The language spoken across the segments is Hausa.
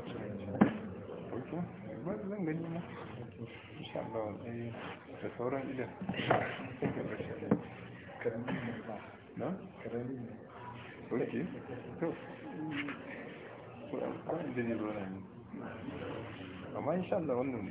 zan gani na insha na? ok to kwan da ne rona ne amma insha zai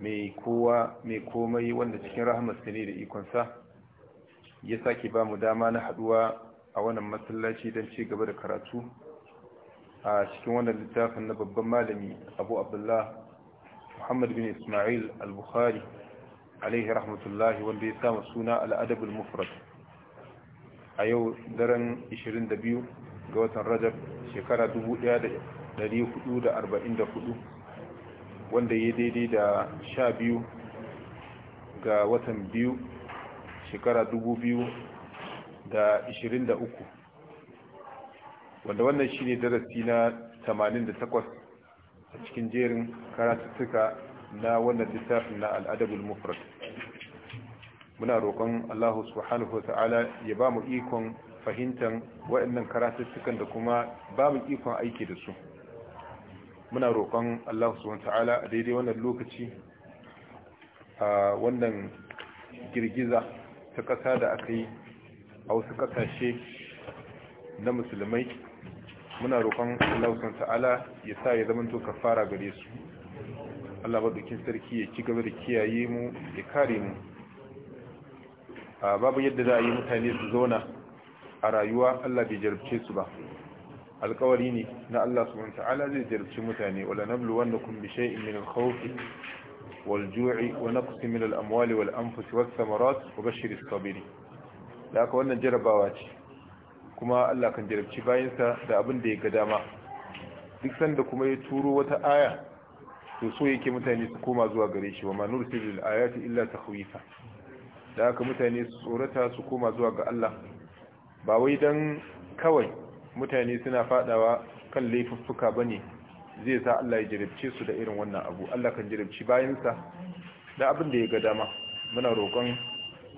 mai kowa mai komai wanda cikin rahamarsa ne da ikonsa ya sake ba mu dama na haduwa a wannan masallaci don ci gaba da karatu a cikin wannan littafin na babban malami abu abdullah muhammad bin ismail al-bukhari alaihi rahmatullahi wanda ya samu suna al'adabul mufrad a yau daren 22 ga watan rajab shekara 1444 wanda ya daidai da sha biyu ga watan biyu shekara dubu biyu da ishirin da uku wanda wannan shi ne darasi na tamanin da takwas a cikin jerin karatuttuka na wannan littafin na al'adabul mufrad muna roƙon allahu subhanahu wa ta'ala ya ba mu ikon fahimtar waɗannan karatuttukan da kuma ba mu ikon aiki da su muna roƙon Allah subhanahu ta'ala a daidai wannan lokaci a wannan girgiza ta ƙasa da aka yi a wasu ƙasashe na musulmai muna roƙon Allah subhanahu ta'ala ya sa ya zama to fara gare su Allah madaukin sarki ya ci gaba da kiyaye mu ya kare mu babu yadda za a yi mutane su zauna a rayuwa Allah bai jarabce su ba alkawari ne na Allah wanta Ala zai jarabci mutane wala nabluwannakum bi shay'in min al wal ju'i wa naqsin min al-amwali wal anfus was samarat wa bashir as da aka wannan jarabawa ce kuma Allah kan jarabci bayansa da abin da ya ga dama duk sanda kuma ya turo wata aya to so yake mutane su koma zuwa gare shi wa ma nursilul ayati illa takhwifa da aka mutane su tsorata su koma zuwa ga Allah ba wai dan kawai mutane suna fadawa kan laifuffuka ne zai sa Allah ya jirabce su da irin wannan abu Allah kan jirabci bayansa da abin da ya ga dama muna roƙon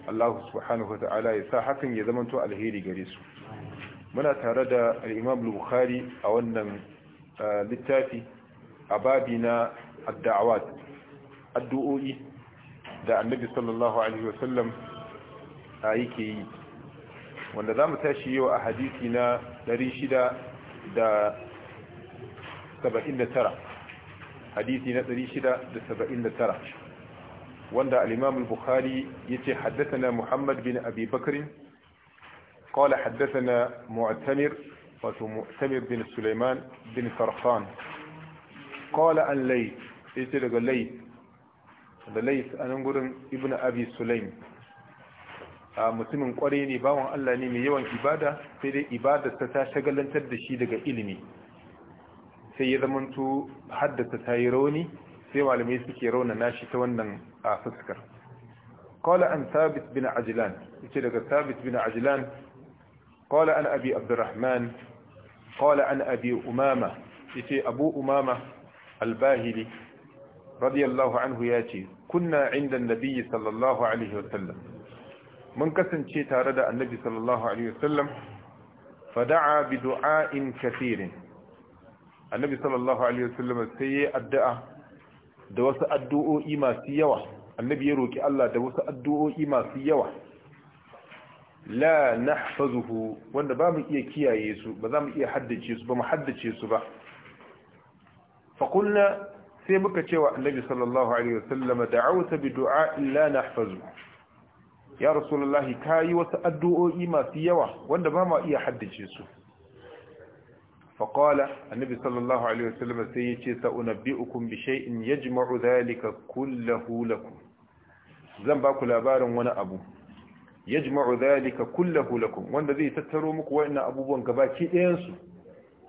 Allah subhanahu wata'ala ya sa hakan ya zama to alheri gare su muna tare da al'imam Bukhari a wannan littafi a babi na adda'awat addu'o'i da Annabi sallallahu alaihi wasallam yake yi wanda za mu tashi yau a hadisi na 679 hadisi na 679 wanda al-imam al-bukhari yace haddathana muhammad bin abi bakr قال حدثنا معتمر ومعتمر بن سليمان بن فرخان قال عن ليث يتلقى ليث ليث أنا نقول ابن أبي سليم a mutumin kware ne bawan Allah ne mai yawan ibada sai dai ibadar ta shagalantar da shi daga ilimi sai ya zamanto haddasa ta yi rauni sai malamai suke rauna nashi ta wannan a fuskar qala an thabit bin ajlan yace daga thabit bin ajlan qala an abi abdurrahman qala an abi umama yace abu umama al-bahili radiyallahu anhu yace kunna inda an-nabi sallallahu alaihi sallam. mun kasance tare da annabi sallallahu alaihi wasallam fada'a bi du'a'in kathirin annabi sallallahu alaihi wasallam sai ya addu'a da wasu addu'o'i masu yawa annabi ya roki Allah da wasu addu'o'i masu yawa la nahfazuhu wanda ba mu iya kiyaye su ba za mu iya haddace su ba mu haddace su ba fa qulna sai muka cewa annabi sallallahu alaihi wasallam da'awta bi du'a'in la nahfazuhu ya rasulullahi ka yi wasu addu'o'i masu yawa wanda ba ma iya haddace su faƙala annabi sallallahu alaihi wasallam sai ya ce sa'unabbi'ukum in shay'in yajma'u dhalika kullahu lakum zan ba ku labarin wani abu yajma'u dhalika kullahu lakum wanda zai tattaro muku wayannan abubuwan gabaki dayansu.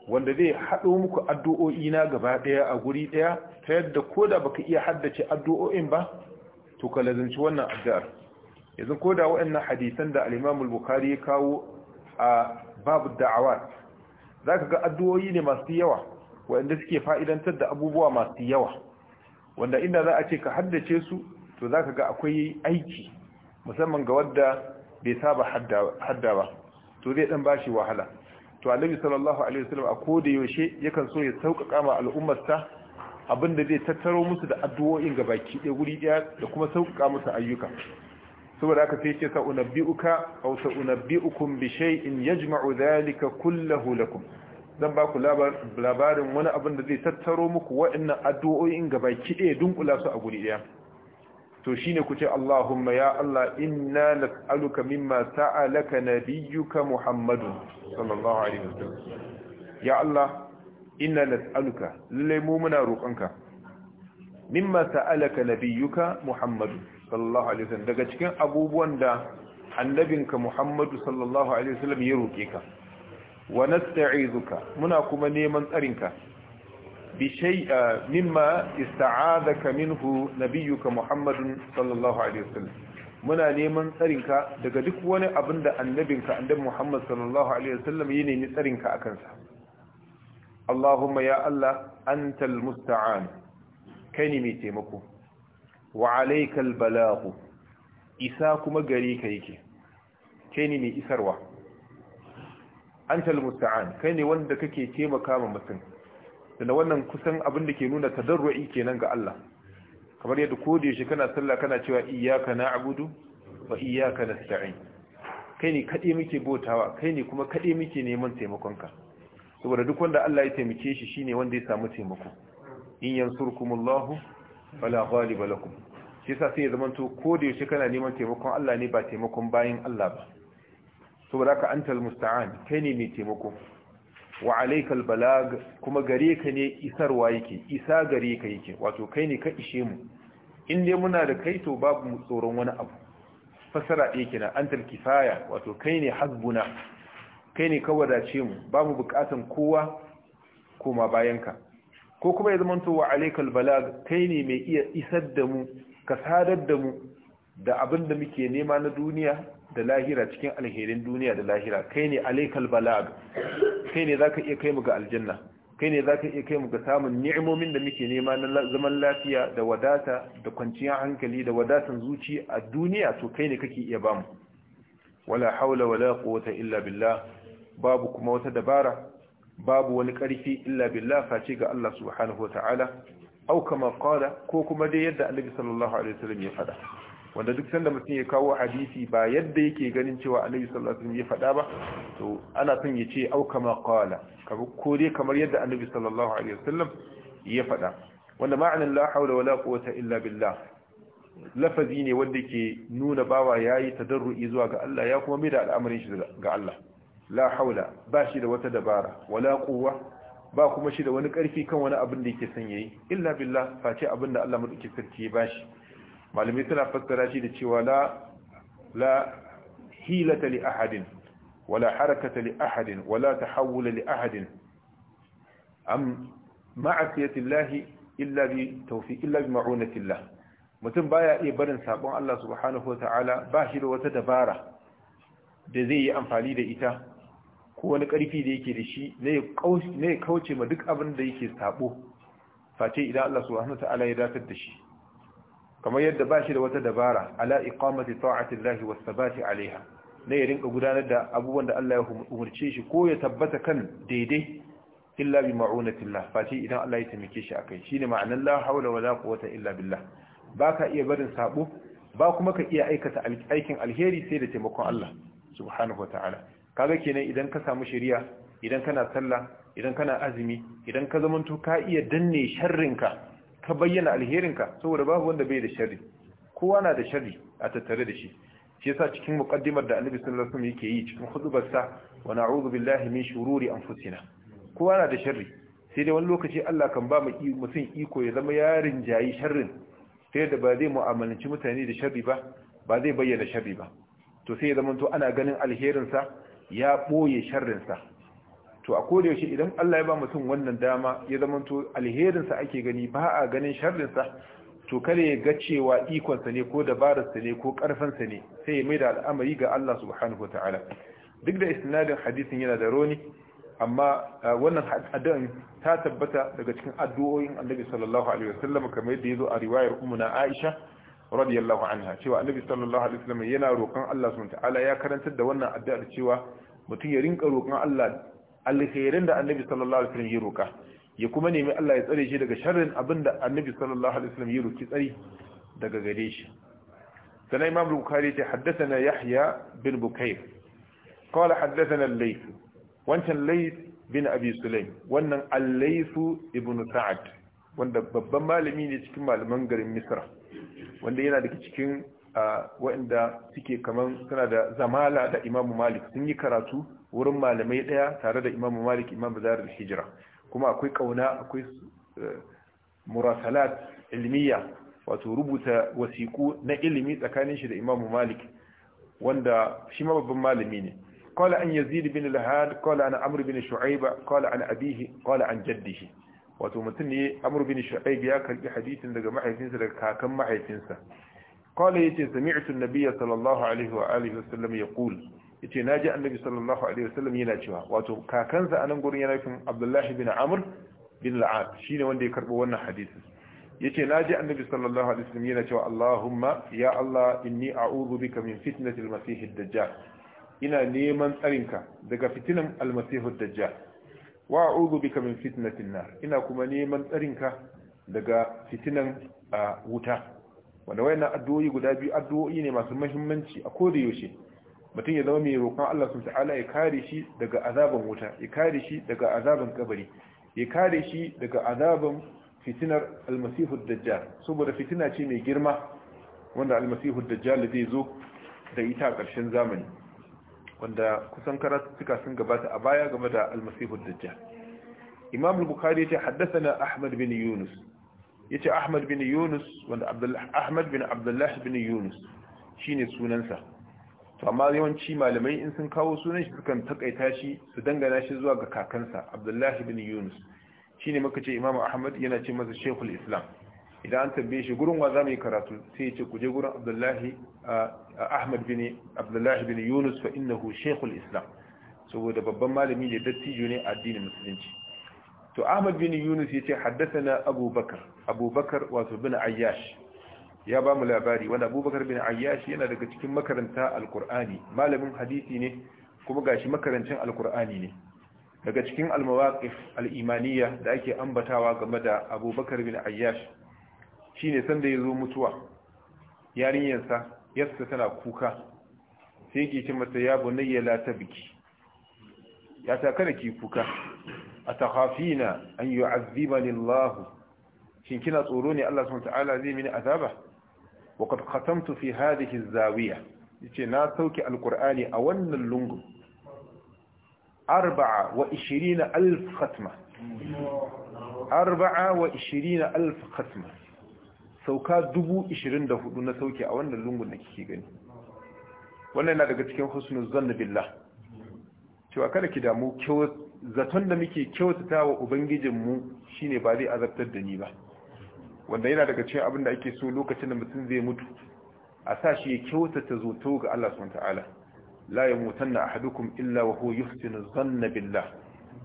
wanda zai haɗo muku addu'o'i na gaba ɗaya a guri ɗaya ta yadda da baka iya haddace addu'o'in ba to ka lazanci wannan addu'ar yanzu ko da waɗannan hadisan da al-Imam ya kawo a babu da'awat zaka ga addu'o'i ne masu yawa waɗanda suke fa'idantar da abubuwa masu yawa wanda inda za a ce ka haddace su to zaka ga akwai aiki musamman ga wadda bai saba hadda ba to zai dan bashi wahala to annabi sallallahu alaihi wasallam a koda yaushe yakan so ya sauƙaƙa ma al'ummarsa abinda zai tattaro musu da addu'o'in gabaki ɗaya guri ɗaya da kuma sauƙaƙa musu ayyuka saboda aka sai ce sa'unabbi'uka aw bishai in shay'in yajma'u dhalika kullahu lakum zan ba ku labarin wani abin da zai tattaro muku waɗannan addu'o'in gaba kiɗe dunkula su a guri ɗaya to shi ne ku ce Allahumma ya Allah inna nas'aluka mimma sa'alaka nabiyyuka muhammadu sallallahu alaihi wasallam ya Allah inna nas'aluka lalle mu muna roƙonka mimma sa'alaka nabiyyuka muhammadu. sallallahu alaihi wasallam daga cikin abubuwan da annabinka Muhammadu sallallahu alaihi wasallam ya roke ka wa nasta'izuka muna kuma neman tsarinka bi shay'a mimma ista'adaka minhu nabiyyuka Muhammadun sallallahu alaihi wasallam muna neman tsarinka daga duk wani abin da annabinka annabi Muhammad sallallahu alaihi wasallam ya nemi tsarinka akan sa Allahumma ya Allah antal musta'an kai ne mai taimako wa alaikal balaghu isa kuma gari ka yake kai ne mai isarwa antal musta'an kai ne wanda kake taimaka ma mutum da wannan kusan abin da ke nuna tadarru'i kenan ga Allah kamar yadda ko da yaushe kana sallah kana cewa iyyaka na'budu wa iyyaka nasta'in kai ne kade muke botawa kai ne kuma kade muke neman taimakonka saboda duk wanda Allah ya taimake shi shine wanda ya samu taimako in yansurkumullahu wala ghaliba lakum shi yasa sai ya zama to ko da yaushe kana neman taimakon Allah ne ba taimakon bayin Allah ba saboda ka antal musta'an kai ne mai taimako wa alaikal balag kuma gare ka ne isarwa yake isa gare ka yake wato kai ne ka ishe mu in dai muna da kai to babu mu tsoron wani abu fasara ɗaya kenan antal kifaya wato kai ne hasbuna kai ne ka wadace mu babu bukatan kowa koma bayanka ko kuma ya zamanto wa alaikal balag kai ne mai iya isar da mu ka sadar da mu da abin da muke nema na duniya da lahira cikin alherin duniya da lahira kai ne alaikal balag kai ne zaka iya kai mu ga aljanna kai ne zaka iya kai mu ga samun ni'imomin da muke nema na zaman lafiya da wadata da kwanciyar hankali da wadatan zuci a duniya to kai ne kake iya bamu wala haula wala quwwata illa billah babu kuma wata dabara babu wani karfi illa billah face ga Allah subhanahu wataala au kama qala ko kuma dai yadda annabi sallallahu alaihi wasallam ya faɗa wanda duk sanda mutum ya kawo hadisi ba yadda yake ganin cewa annabi sallallahu alaihi wasallam ya faɗa ba to ana son ya ce au kama qala ko dai kamar yadda annabi sallallahu alaihi wasallam ya faɗa wanda ma'anin la hawla wala quwwata illa billah lafazi ne wanda ke nuna bawa yayi tadarrui zuwa ga Allah ya kuma mai da al'amarin shi ga Allah la haula ba shi da wata dabara wala quwwa ba kuma shi da wani karfi kan wani abin da yake son yayi illa billah face abin da Allah madauki sarki ya bashi malamai suna fassara shi da cewa la la hilata li ahadin wala harakata li ahadin wala tahawula li ahadin am ma'asiyati Allah illa bi tawfiq illa bi ma'unati Allah mutum baya iya barin sabon Allah subhanahu wataala ba shi da wata dabara da zai yi amfani da ita ko wani karfi da yake da shi ne ya kauce ma duk abin da yake sabo face idan Allah subhanahu ta'ala ya datar da shi kamar yadda ba shi da wata dabara ala iqamati ta'ati Allah was sabati alaiha ne ya rinka gudanar da abubuwan da Allah ya umarce shi ko ya tabbata kan daidai illa bi ma'unatillah face idan Allah ya taimake shi akai shine ma'anar la haula wala quwwata illa billah baka iya barin sabo ba kuma ka iya aikata aikin alheri sai da taimakon Allah subhanahu wa kaga kenan idan ka samu shari'a idan kana sallah idan kana azumi idan ka zamanto ka iya danne sharrinka ka bayyana alherinka saboda babu wanda bai da sharri kowa na da sharri a tattare da shi shi yasa cikin muqaddimar da Annabi sallallahu alaihi wasallam yake yi cikin khutbarsa wa na'udhu billahi min shururi anfusina kowa na da sharri sai dai wani lokaci Allah kan ba mu mutum iko ya zama yarin jayi sharrin sai da ba zai mu'amalanci mutane da sharri ba ba zai bayyana sharri ba to sai ya zama ana ganin alherinsa ya ɓoye sharrinsa to a koda yaushe idan Allah ya ba mutum wannan dama ya zama zamanto alherinsa ake gani ba a ganin sharrinsa to kare ya ga cewa ikonsa ne ko dabararsa ne ko ƙarfansa ne sai ya mai da al'amari ga Allah subhanahu wa duk da isnadin hadisin yana da roni amma wannan addu'an ta tabbata daga cikin addu'o'in annabi sallallahu alaihi wasallam kamar yadda yazo a riwayar ummu na Aisha radiyallahu anha cewa annabi sallallahu alaihi wasallam yana roƙon Allah subhanahu ta'ala ya karantar da wannan addu'ar cewa mutum ya rinka roƙon Allah alkhairin da annabi sallallahu alaihi wasallam ya roƙa ya kuma nemi Allah ya tsare shi daga sharrin abinda annabi sallallahu alaihi wasallam ya roƙi tsari daga gare shi sanan imam bukhari ya haddathana yahya bin bukayr qala haddathana al-layth wancan layth bin abi sulaim wannan al-layth ibn sa'ad wanda babban malami ne cikin malaman garin misra wanda yana daga cikin waɗanda suke kaman suna da zamala da imamu malik sun yi karatu wurin malamai ɗaya tare da imamu malik imamu zahar da hijira kuma akwai ƙauna, akwai e, murasalat ilmiya wato rubuta wasiku na ilimi tsakanin shi da imamu malik wanda shi ma babban malami ne qala an yazid bin al-had an amr bin shu'aiba qala an abihi qala an jaddihi wato mutum ne amur bin shu'aib ya karbi hadisin daga mahaifinsa daga kakan mahaifinsa qala yace sami'tu an-nabiyya sallallahu alaihi wa alihi wasallam yaqul yace naji annabi sallallahu alaihi wasallam yana cewa wato kakansa anan gurin yana nufin abdullahi bin amr bin al-as shine wanda ya karbo wannan hadisin yace naji annabi sallallahu alaihi wasallam yana cewa Allahumma ya Allah inni a'udhu bika min fitnatil masih ad-dajjal ina neman tsarinka daga fitinan al-masih ad-dajjal wa a'udhu bika min fitnatin nar ina kuma neman tsarinka daga fitinan wuta wanda wayannan addu'o'i guda biyu addu'o'i ne masu muhimmanci a koda yaushe mutum ya zama mai roƙon Allah subhanahu ta'ala ya kare shi daga azaban wuta ya kare shi daga azaban kabari ya kare shi daga azaban fitinar almasihu dajjal saboda fitina ce mai girma wanda almasihud dajjal zai zo da ita a ƙarshen zamani wanda kusan karatuka sun gabata a baya game da almasihu dajjal imam al-bukhari yace haddathana ahmad bin yunus yace ahmad bin yunus wanda abdullah ahmad bin abdullah bin yunus shine sunansa to amma yawanci malamai in sun kawo sunan shi sukan takaita shi su dangana shi zuwa ga kakansa abdullahi bin yunus shine muka ce imam ahmad yana ce masa shaykhul islam idan an tambaye shi gurin wa zamu yi karatu sai ya ce ku gurin Abdullahi Ahmad bin Abdullahi bin Yunus fa innahu shaykhul Islam saboda babban malami ne dattijo ne addinin musulunci to Ahmad bin Yunus yace haddathana Abu Bakar Abu Bakar wato bin Ayyash ya ba mu labari wanda abubakar bin ayyashi yana daga cikin makaranta alkur'ani malamin hadisi ne kuma gashi makarancin alkur'ani ne daga cikin al imaniyya da ake ambatawa game da abubakar bin ayyash Shi ne sanda ya zo mutuwa yarinyarsa yarsa tana kuka sai yake ce mata ya bunayya la tabki ya ta kada ki kuka atakhafina an yu'azzibani Allah shin kina tsoro ne Allah subhanahu ta'ala zai mini azaba wa qad khatamtu fi hadhihi zawiya yace na sauke alqur'ani a wannan lungu 24000 khatma 24000 khatma sauka dubu ishirin da hudu na sauke a wannan lungun da kike gani wannan yana daga cikin husnul zanna billah cewa kada ki damu zaton da muke kyautata wa Ubangijin mu shine ba zai azabtar da ni ba wanda yana daga cikin abin da ake so lokacin da mutum zai mutu a sa shi ya kyautata zoto ga Allah subhanahu ta'ala la yamutanna ahadukum illa wa huwa yuhsinu zanna billah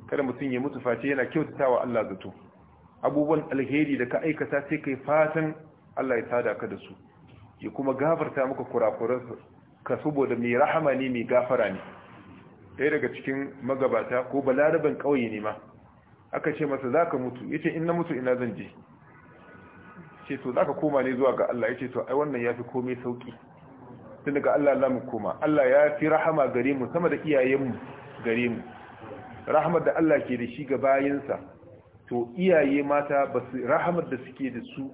kada mutum ya mutu face yana kyautata wa Allah zato abubuwan alheri da ka aikata sai kai fatan Allah ya sada ka da su ya kuma gafarta maka su. ka saboda mai rahama ne mai gafara ne ɗaya daga cikin magabata ko balaraban ƙauye ne ma aka ce masa za ka mutu ya ce ina mutu ina zan je ce to za ka koma ne zuwa ga Allah ya ce to ai wannan ya fi komai sauƙi tun daga Allah Allah mu koma Allah ya fi rahama gare mu sama da iyayenmu gare mu rahamar da Allah ke da shi ga bayansa to iyaye mata ba su rahamar da suke da su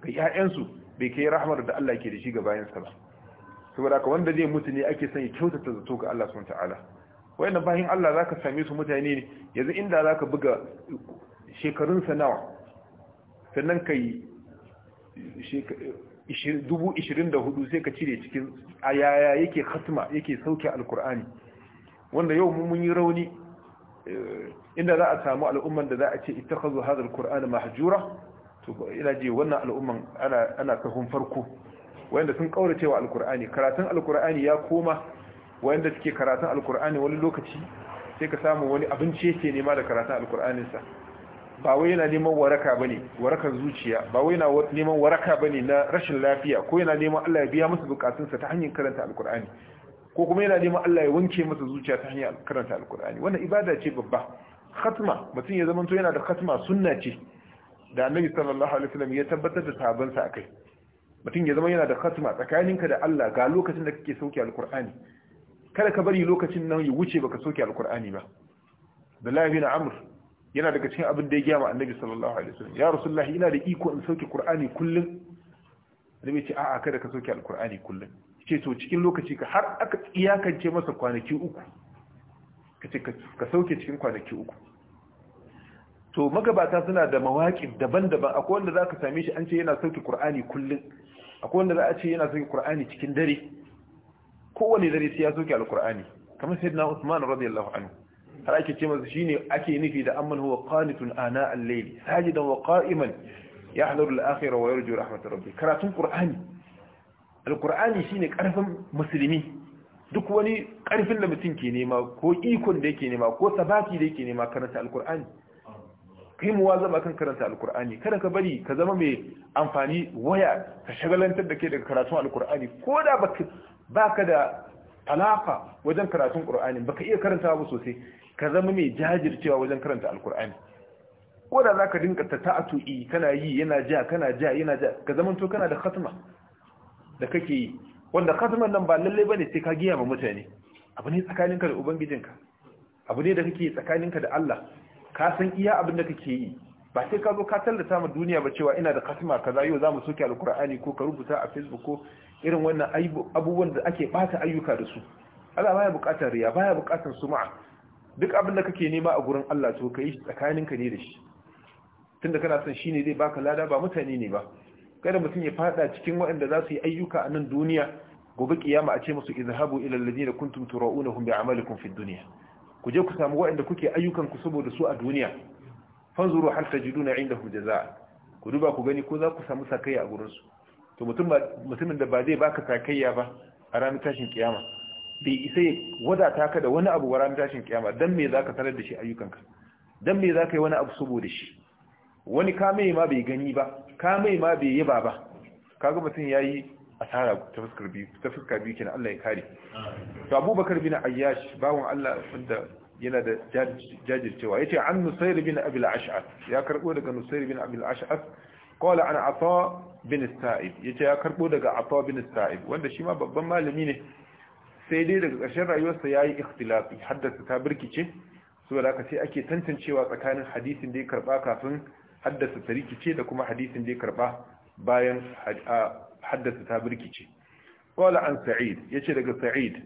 ga 'ya'yansu bai kai rahmar da Allah ke da shi ga bayansa ba saboda haka wanda zai mutu ne ake son ya kyautata zato ga Allah subhanahu ta'ala wayannan bayin Allah zaka same su mutane ne yanzu inda zaka buga shekarun sa nawa sannan kai 24 sai ka cire cikin ayaya yake khatma yake sauke alkur'ani wanda yau mun yi rauni eh, inda za a samu al'umman da za a ce ittakhadhu hadha alqur'ana mahjura ina ji wannan al'umman ana kahun farko wanda sun kaurace wa alkur'ani karatun alkur'ani ya koma wanda suke karatun alkur'ani wani lokaci sai ka samu wani abinci yake nema da karatun alkur'aninsa ba wai yana neman waraka bane warakan zuciya ba wai yana neman waraka bane na rashin lafiya ko yana neman Allah ya biya masa bukatunsa ta hanyar karanta alkur'ani ko kuma yana neman Allah ya wanke masa zuciya ta hanyar karanta alkur'ani wannan ibada ce babba khatma mutum ya zama to yana da khatma sunna ce da annabi sallallahu alaihi wasallam ya tabbatar da sabansa akai mutum ya zama yana da khatma tsakaninka da Allah ga lokacin da kake sauke alqur'ani kada ka bari lokacin nan ya wuce baka sauke alqur'ani ba Abdullahi bin Amr yana daga cikin abin da ya gaya annabi sallallahu alaihi wasallam ya rasulullahi ina da iko in sauke qur'ani kullum annabi ce a'a kada ka sauke alqur'ani kullum ce to cikin lokaci ka har aka iyakance masa kwanaki uku kace ka sauke cikin kwanaki uku to magabata suna da mawaƙi daban-daban akwai wanda za ka same shi an ce yana sauki ƙur'ani kullum akwai wanda za a ce yana sauki ƙur'ani cikin dare kowane dare sai ya sauki alƙur'ani kamar sai na usman radiyallahu anhu har ake ce masa shine ake nufi da amman huwa qanitun ana al-layli sajidan wa qa'iman yahdaru al-akhirah wa yarju rahmatar rabbi karatun Kur'ani, al-qur'ani shine karfin musulmi duk wani karfin da mutum ke nema ko ikon da yake nema ko sabaki da yake nema karanta al-qur'ani kai zama kan karanta alkur'ani kada ka bari ka zama mai amfani waya ka shagalantar da ke daga karatun alkur'ani ko da baka da alaka wajen karatun ba baka iya karanta ba sosai ka zama mai jajircewa wajen karanta alkur'ani ko da za zaka dinka tata'atu'i kana yi yana ja kana ja yana ja ka zama to kana da khatma da kake yi wanda khatman nan ba lalle bane sai ka giya ba mutane abu ne tsakaninka da ubangijinka abu ne da kake tsakaninka da Allah ka san iya abin da kake yi ba sai ka zo ka tallata ma duniya ba cewa ina da kasima kaza yau zamu soke alkur'ani ko ka rubuta a facebook ko irin wannan abubuwan da ake bata ayyuka da su Allah baya bukatar riya baya bukatar sum'a duk abin da kake nema a gurin Allah to kai tsakaninka ne da shi tunda kana son shine zai baka lada ba mutane ne ba kada mutum ya fada cikin waɗanda za su yi ayyuka a nan duniya gobe kiyama a ce musu izhabu ila alladhina kuntum tura'unahum bi'amalikum fid dunya ku je ku samu waɗanda kuke ayyukan ku saboda su a duniya fanzuru har tajiduna indahum jazaa ku duba ku gani ko za ku samu sakayya a gurin su to mutum mutumin da ba zai baka sakayya ba a ranar tashin kiyama bai isa ya wadata ka da wani abu a ranar tashin kiyama dan me zaka tarar da shi ayyukanka dan me zaka yi wani abu saboda shi wani kame ma bai gani ba kame ma bai yaba ba kaga mutum yayi asara ta fuskar biyu ta fuska biyu kenan Allah ya kare to Abubakar bin Ayyash bawon Allah wanda yana da jajircewa yace an Nusayr bin Abi al-Ash'ath ya karbo daga Nusayr bin Abi al-Ash'ath qala an Ata bin Sa'id yace ya karbo daga Ata bin Sa'id wanda shi ma babban malami ne sai dai daga ƙarshen rayuwarsa yayi ikhtilafi haddasa ta birkice saboda haka sai ake tantancewa tsakanin hadisin da ya karba kafin haddasa tarikice rikice da kuma hadisin da ya karba bayan haddasa ta birkice wala an sa'id yace daga sa'id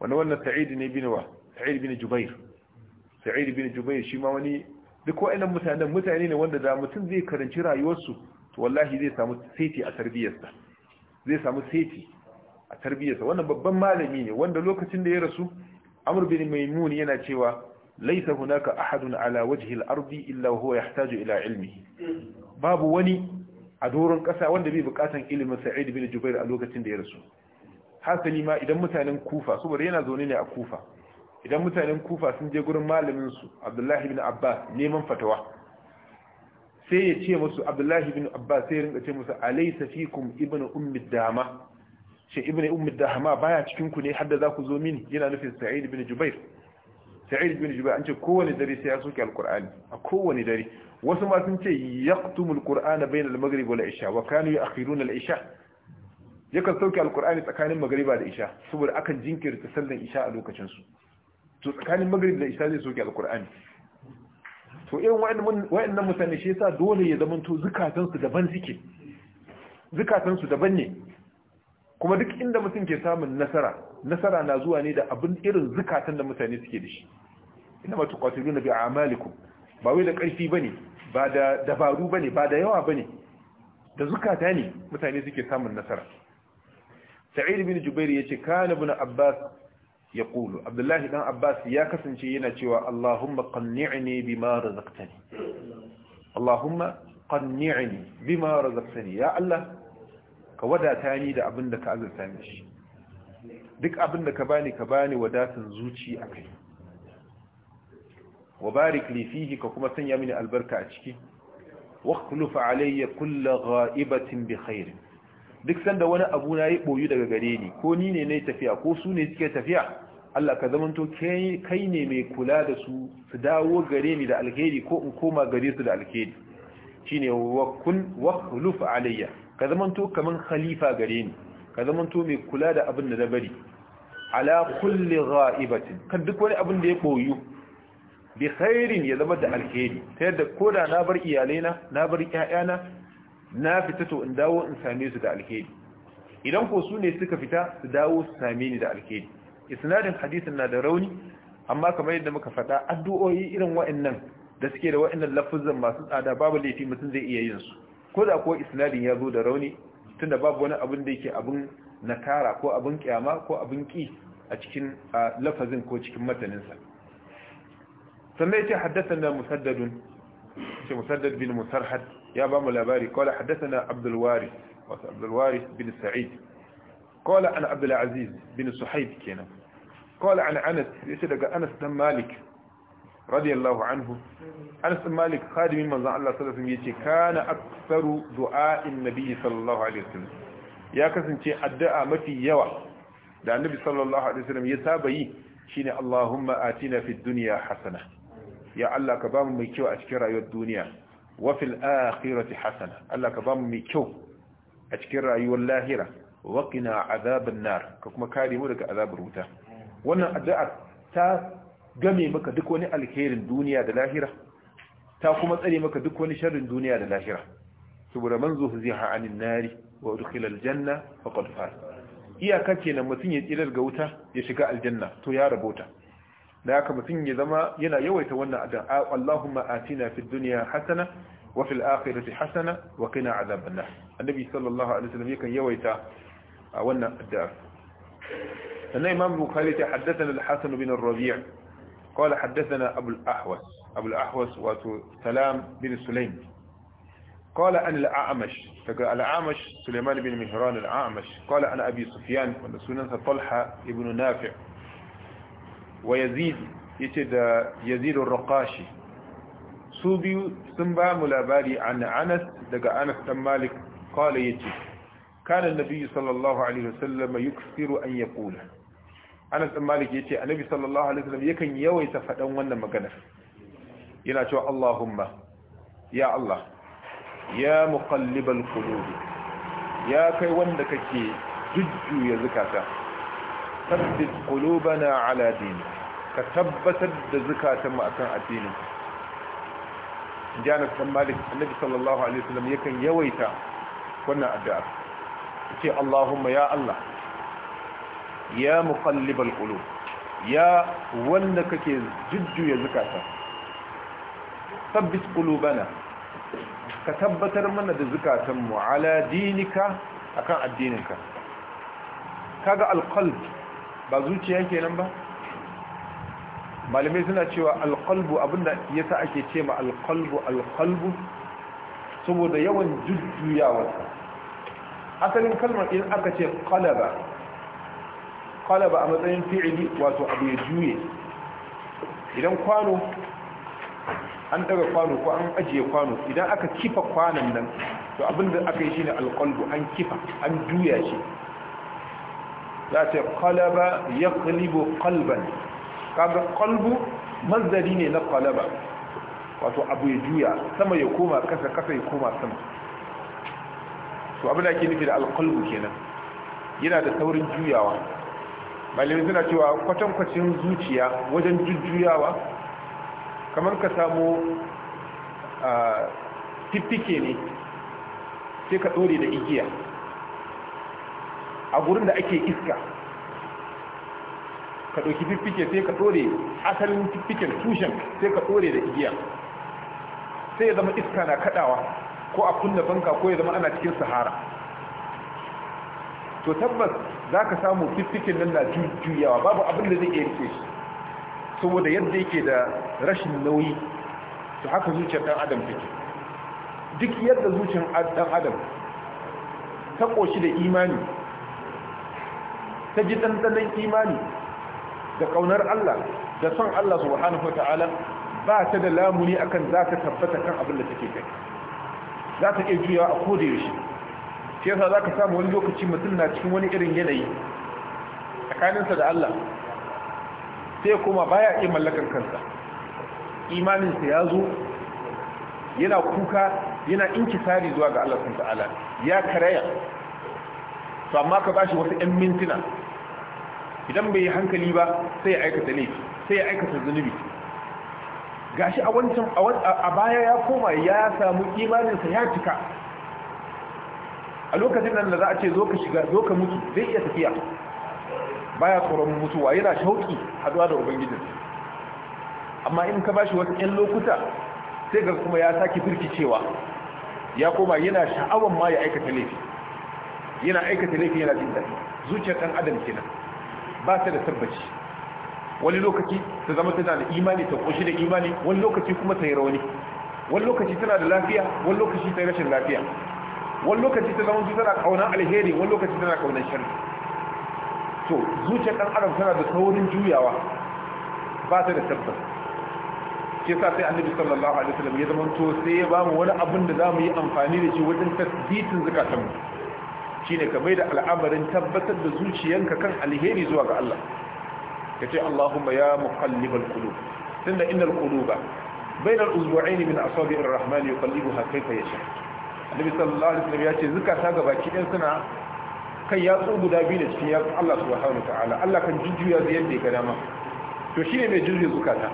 wanda wannan sa'id ne bin wa sa'id bin jubair sa'id bin jubair shi ma wani duk wa'annan mutanen mutane ne wanda da mutum zai karanci rayuwarsu to wallahi zai samu saiti a tarbiyarsa zai samu saiti a tarbiyarsa wannan babban malami ne wanda lokacin da ya rasu amr bin maimun yana cewa laisa hunaka ahadun ala wajhi al-ardi illa huwa yahtaju ila ilmihi babu wani a doron ƙasa wanda bai buƙatar ilimin sa'id bin jubair a lokacin da ya rasu hasali ma idan mutanen kufa saboda yana zaune ne a kufa idan mutanen kufa sun je gurin malamin su abdullahi bin abbas neman fatawa sai ya ce musu abdullahi bin abbas sai ya rinka ce musu alaysa fikum ibnu ummi dama shi ibnu ummi dama baya cikin ku ne har da za ku zo mini yana nufin sa'id bin jubair sa'id bin jubair an ce kowane dare sai ya soke alqur'ani a kowane dare wasu ma sun ce yaqtumul qur'ana bayna al-maghrib wal isha wa kanu ya'khiruna al-isha yakan sauke alqur'ani tsakanin magriba da isha saboda akan jinkirta sallan isha a lokacin su to tsakanin maghrib da isha zai sauke alqur'ani to irin wa'annan mutane shi yasa dole ya zamanto zukatansu daban suke zukatansu daban ne kuma duk inda mutum ke samun nasara nasara na zuwa ne da abin irin zukatan da mutane suke da shi inma tuqatiluna bi a'malikum ba wai da ba bane ba da dabaru ba bane ba da yawa ba bane da zukata ne mutane suke samun nasara sa'id ibn jubair yace kana ibn abbas yaqulu abdullahi dan abbas ya kasance yana cewa allahumma qanni'ni bima razaqtani allahumma qanni'ni bima razaqtani ya allah ka wadata ni da abin da ka azurta ni shi duk abin da ka bani ka bani wadatan zuci a kai. wa barik li fihi ka kuma sanya mini albarka a ciki waqluf alayya kull ghaibatin bi khair duk sanda wani abu na yi boyu daga gare ni ko ni ne nayi tafiya ko su ne suke tafiya Allah ka zamanto kai ne mai kula da su su dawo gare ni da alheri ko in koma gare su da alheri shine wakun alayya ka zamanto kaman khalifa gare ni ka zamanto mai kula da abin da na bari ala kulli ghaibatin kan duk wani abin da ya boyu bi khairin ya zama da alheri ta yadda koda na bar iyalaina na bar ƴaƴana na fita to in dawo in same su da alheri idan ko su ne suka fita su dawo su same ni da alheri isnadin hadisin na da rauni amma kamar yadda muka faɗa addu'o'i irin wa'annan da suke da wa'annan lafuzan masu tsada babu laifi mutum zai iya yin su ko da kuwa isnadin ya zo da rauni tunda babu wani abin da yake abin nakara ko abin kyama ko abin ki a cikin lafazin ko cikin sa sannan ya ce haddasana musaddadun musaddad bin musarhad ya ba mu labari kawai haddasana abdulwari wasu abdulwari bin sa'id kola an abdulaziz bin suhaib kenan kola an anas ya ce daga anas dan malik radiyallahu anhu anas dan malik khadimin manzan allah sallallahu alaihi ya ce kana aksaru du'a'in nabi sallallahu alaihi wasallam ya kasance addu'a mafi yawa da annabi sallallahu alaihi wasallam ya saba yi shine Allahumma atina fid dunya hasana ya Allah ka bamu mai kyau a cikin rayuwar duniya wa fil akhirati hasana Allah ka bamu mai kyau a cikin rayuwar lahira wa qina azaban nar ka kuma kare mu daga azabar wuta wannan addu'a ta game maka duk wani alherin duniya da lahira ta kuma tsare maka duk wani sharrin duniya da lahira saboda man zuhziha anin nari wa udkhila aljanna faqad faz iyaka kenan mutun ya tsirar ga wuta ya shiga aljanna to ya rabota da haka mutum ya zama yana yawaita wannan addu'a Allahumma atina fid dunya hasana wa fil akhirati hasana wa qina adhaban nar annabi sallallahu alaihi wasallam yake yawaita a wannan addu'a sannan imam bukhari ta haddathana al-hasan bin ar-rabi' qala haddathana abu al-ahwas abu al-ahwas wa salam bin sulaym قال أن الأعمش فقال الأعمش سليمان بن مهران الأعمش قال عن أبي سفيان وأن طلحة ابن نافع wa yazid yace da yazid ar-raqashi su biyu sun ba mu labari an anas daga anas dan malik qala yace kana annabi sallallahu alaihi wasallam yuksiru an yaqula anas dan malik yace annabi sallallahu alaihi wasallam yakan yawaita fadan wannan magana yana cewa allahumma ya allah ya muqallibal qulub ya kai wanda kake jujjuya zakata ثبت قلوبنا على دينك ka tabbatar da zukatan mu akan addinin jana san malik annabi sallallahu alaihi wasallam yakan yawaita wannan addu'a ce Allahumma ya Allah ya muqallibal qulub ya wanda kake jujjuya zukata tabbis qulubana ka tabbatar mana da zukatan mu ala dinika akan addininka kaga alqalb ba zuciya kenan ba malamai suna cewa alƙalbu abinda sa ake ce ma alƙalbu-alƙalbu saboda yawan jujjuyawarsa asalin kalmar in aka ce ƙalaba, ƙalaba a matsayin fi'ili wato abu ya juye idan kwano an daga kwano ko an ajiye kwano idan aka kifa kwanan nan to abinda aka yi shi ne alƙalbu an kifa an juya shi za ƙalaba ya yaqlibu ƙalban. kaga kalbu mazdari ne na kwalaba. wato abu ya juya sama ya koma kasa kasa ya koma sama to abin da ke nufi da alqalbu kenan yana da saurin juyawa malamai suna cewa kwatankwacin zuciya wajen jujjuyawa kamar ka samu fiffike ne sai ka ɗore da igiya a gurin da ake iska ka ɗauki fiffike sai ka ɗore asalin fiffiken tushen sai ka ɗore da igiya sai ya zama iska na kaɗawa ko a kunna fanka ko ya zama ana cikin sahara to tabbas za ka samu fiffiken nan na juyawa babu abin da zai iya rike shi saboda yadda yake da rashin nauyi to haka zuciyar ɗan adam take duk yadda zuciyar ɗan adam ta ƙoshi da imani ta ji ɗanɗanen imani da kaunar Allah da son Allah subhanahu ta'ala ba ta da lamuni akan za ta tabbata kan abin da take kai za ta iya juyawa a koda yaushe shi yasa za ka samu wani lokaci mutum na cikin wani irin yanayi tsakaninsa da Allah sai kuma baya iya mallakan kansa imaninsa ya zo yana kuka yana inkisari zuwa ga Allah subhanahu ta'ala ya karaya to amma ka bashi wasu 'yan mintuna idan bai yi hankali ba sai ya aikata laifi sai ya aikata zunubi gashi a wancan a baya ya koma ya samu imaninsa ya cika a lokacin nan da za a ce zo ka shiga zo ka mutu zai iya tafiya baya tsoron mutuwa yana shauki haduwa da ubangijin amma in ka bashi wasu 'yan lokuta sai ga kuma ya sake birkicewa ya koma yana sha'awan ma ya aikata laifi yana aikata laifi yana jin daɗi zuciyar ɗan adam kenan ba ta da tabbaci wani lokaci ta zama tana da imani ta koshi da imani wani lokaci kuma ta yi rauni wani lokaci tana da lafiya wani lokaci ta yi rashin lafiya wani lokaci ta zama tana kaunar alheri wani lokaci tana kaunar shari to zuciyar dan adam tana da saurin juyawa ba ta da tabbas ke sa sai annabi sallallahu alaihi wasallam ya zama to sai ya bamu wani abin da za mu yi amfani da shi wajen tasbitin zakatanmu shine ka mai da al'amarin tabbatar da zuciyanka kan alheri zuwa ga Allah Ya ce Allahumma ya muqallibal qulub tunda innal quluba bainal usbu'ain min asabi'ir rahman yuqallibuha kayfa yasha annabi sallallahu alaihi wasallam ya ce zakata ga baki ɗin suna kan yatsu guda biyu da cikin yatsu Allah subhanahu wa ta'ala Allah kan jujjuya da yadda ya ga dama to shine mai jujjuya zakata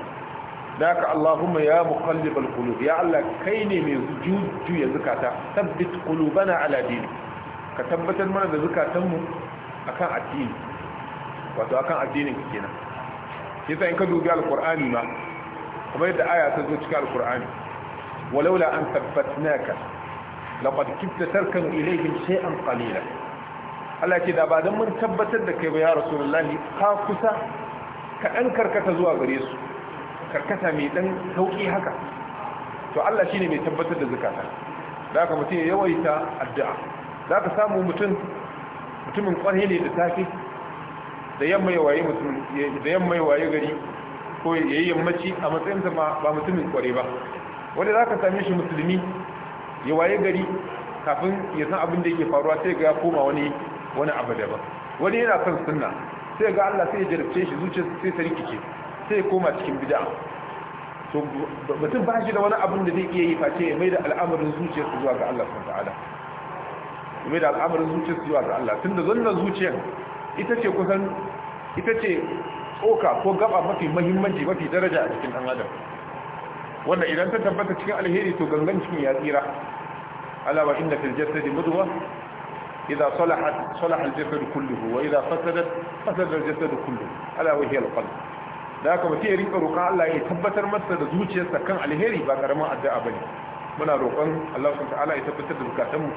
daka Allahumma ya muqallibal qulub ya Allah kai ne mai jujjuya zakata tabbit qulubana ala dinik ka tabbatar mana da zukatanmu akan addini wato akan addinin ka kenan sa in ka dubi alqur'ani ma kuma yadda aya ta zo cikin Walau walaula an tabbatnaka laqad kibta tarkan ilayhim shay'an qalila Allah ce da ba dan mun tabbatar da kai ba ya rasulullahi ka kusa ka dan karkata zuwa gare su karkata mai dan sauki haka to Allah shine mai tabbatar da zakata da haka mutum ya yawaita addu'a za ka samu mutum mutumin kwanhe ne da tafi da yamma ya waye mutum da yamma ya waye gari ko ya yi yammaci a matsayin sa ba mutumin kware ba wanda za ka same shi musulmi ya waye gari kafin ya san abin da yake faruwa sai ga ya koma wani wani abu ba wani yana kan sunna sai ga Allah sai ya jarabce shi zuciyarsa sai ta rikice sai ya koma cikin bid'a to mutum ba shi da wani abin da zai iya yi face ya mai da al'amarin zuciyarsa zuwa ga Allah subhanahu wa ta'ala game da al'amarin zuciyar zuwa ga Allah tun da zannan zuciyar ita ce kusan ita ce tsoka ko gaba mafi mahimmanci mafi daraja a cikin dan adam wanda idan ta tabbata cikin alheri to gangan cikin ya tsira ala wa inna fil jasadi mudwa idha salahat salaha al jasad kulluhu wa idha fasadat fasada al jasad kulluhu ala wa hiya al qalb da haka mutum ya rika roƙa Allah ya tabbatar masa da zuciyarsa kan alheri ba karamin addu'a bane muna roƙon Allah subhanahu wa ta'ala ya tabbatar da bukatunmu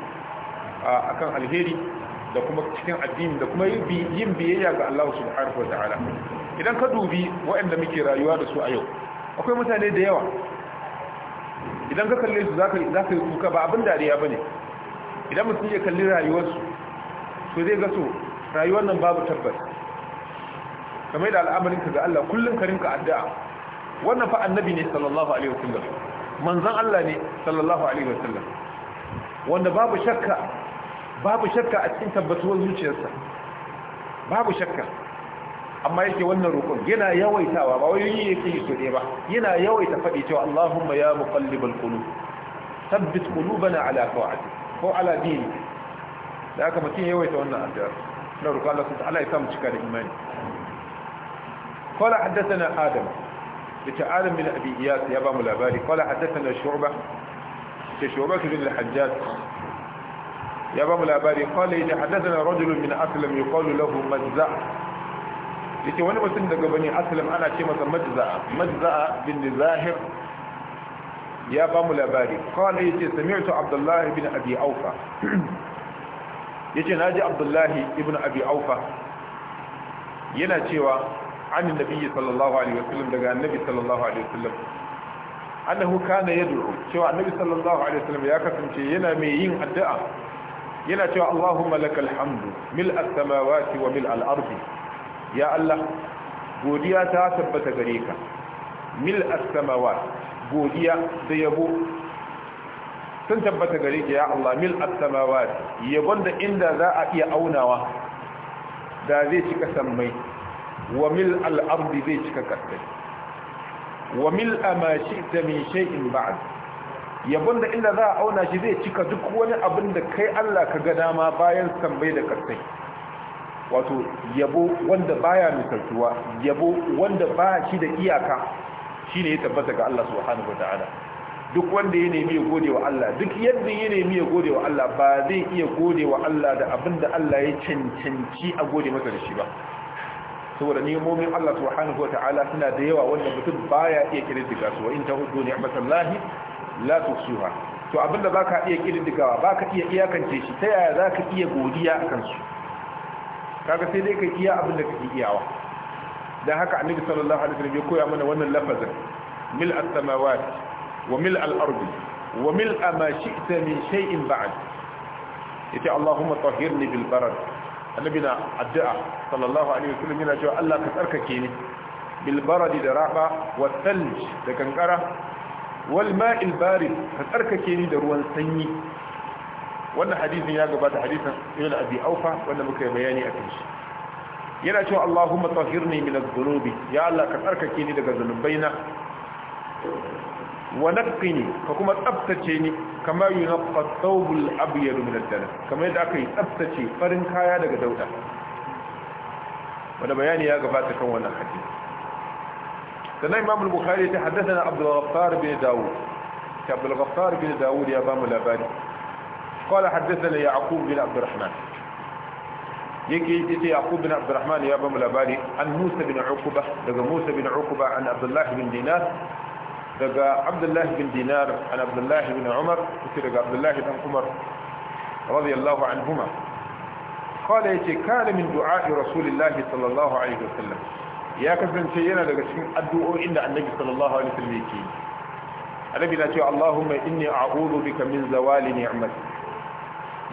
akan alheri da kuma cikin addini da kuma yin biyayya ga Allah subhanahu wa ta'ala idan ka dubi waɗanda muke rayuwa da su a yau akwai mutane da yawa idan ka kalle su za ka yi kuka ba abin dariya ba ne idan mutum ya kalli rayuwarsu to zai gaso rayuwar nan babu tabbas kamar da al'amarinka ga Allah kullum ka rinka addu'a wannan fa annabi ne sallallahu alaihi wasallam manzon Allah ne sallallahu alaihi wasallam wanda babu shakka babu shakka a cikin tabbatuwar zuciyarsa babu shakka amma yake wannan rukun yana yawaitawa ba wai yi yake yi so ba yana yawaita faɗi cewa Allahumma ya muqallibal qulub thabbit qulubana ala ta'ati ko ala dini da haka mutum yawaita wannan addu'a na rukun Allah subhanahu wa ta'ala ya samu cika da imani قال حدثنا آدم لتعالم من أبي إياس يا أبا ملاباري قال حدثنا شعبة شعبة بن الحجاج ya ba mu labari kwallo ya ce haddasa rajulun min aslam ya kwallo lahu majza ya ce wani mutum daga bani aslam ana ce masa majza majza bin zahir ya ba mu labari kwallo ya ce samirtu abdullahi bin abi aufa ya ce na ji abdullahi ibn abi aufa yana cewa an nabi sallallahu alaihi wasallam daga Nabi sallallahu alaihi wasallam annahu kana yad'u cewa annabi sallallahu alaihi wasallam ya kasance yana mai yin addu'a yana cewa Allahumma lakal hamdu mil as-samawati wa mil al-ardi ya Allah godiya ta tabbata gare ka mil as-samawati godiya da yabo sun tabbata gare ka ya Allah mil as-samawati yabon da inda za a iya aunawa da zai cika sammai wa mil al-ardi zai cika kasai wa mil ma shi'ta min shay'in ba'd yabon da inda za a auna shi zai cika duk wani abin da kai Allah ka ga dama bayan sambai da karsai wato yabo wanda baya misaltuwa yabo wanda ba shi da iyaka shine ya tabbata ga Allah subhanahu wataala duk wanda ya nemi ya gode wa Allah duk yadda ya nemi ya gode wa Allah ba zai iya gode wa Allah da abin da Allah ya cancanci a gode masa da shi ba saboda nemomin Allah subhanahu wataala suna da yawa wanda mutum baya iya kirkira su wa in hudu ni'matallahi la tusuha to abinda baka iya kididdigawa baka iya iyakance shi ta yaya zaka iya godiya akan su kaga sai dai ka iya abinda kake iyawa dan haka annabi sallallahu alaihi wasallam ya koya mana wannan lafazin mil as-samawati wa mil al-ardi wa mil ma shi'ta min shay'in ba'd yace allahumma tahhirni bil barad annabi na addu'a sallallahu alaihi wasallam yana cewa Allah ka tsarkake ni bil barad da raba wa thalj da kankara wal ma'il barid ka tsarkake ni da ruwan sanyi wannan hadisin ya gabata hadisin ibn abi aufa wanda muka yi bayani akan shi yana cewa Allahumma tahhirni min adh-dhunubi ya Allah ka tsarkake ni daga zanubaina wa naqqini ka kuma tsabtace ni kama yunqqa ath-thawbul abyad min ad-danas kamar yadda aka yi tsabtace farin kaya daga dauda wanda bayani ya gabata kan wannan hadisi sannan imam al-bukhari ta haddathana abdul ghaffar bin daud ya ba mu labari qala haddathana yaqub bin abd alrahman yake yace yaqub bin abd alrahman ya ba mu an musa bin uqba daga musa bin uqba an abdullah bin dinar daga abdullah bin dinar an abdullah bin umar daga abdullah bin umar radiyallahu anhuma قال يتي كان من دعاء رسول الله صلى الله عليه وسلم ya kasance yana daga cikin addu'o'in da annabi sallallahu alaihi wasallam yake yi annabi na cewa Allahumma inni a'udhu bika min zawali ni'mati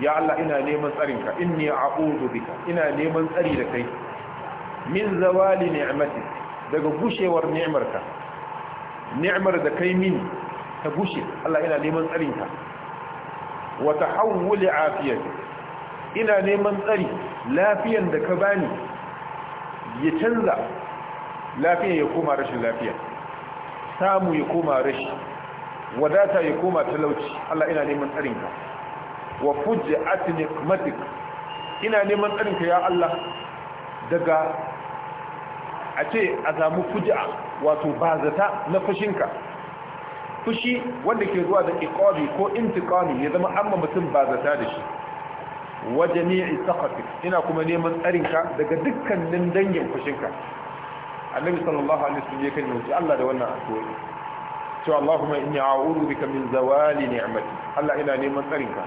ya Allah ina neman tsarinka inni a'udhu bika ina neman tsari da kai min zawali ni'mati daga gushewar ni'marka ni'mar da kai min ta gushe Allah ina neman tsarinka wa tahawwul afiyati ina neman tsari lafiyan da ka bani ya canza lafiya ya koma rashin lafiya samu ya koma rashi wadata ya koma talauci Allah ina neman tsarinka wa fujja atnikmatik ina neman tsarinka ya Allah daga a ce a samu fujja wato bazata na fushinka fushi wanda ke zuwa da iqabi ko intiqami ya zama amma mutum bazata da shi wa jami'i saqatik ina kuma neman tsarinka daga dukkanin dangin fushinka annabi sallallahu alaihi wasallam ya kan yi Allah da wannan addu'a cewa Allahumma inni a'udhu bika min zawali ni'mati Allah ina neman tsarinka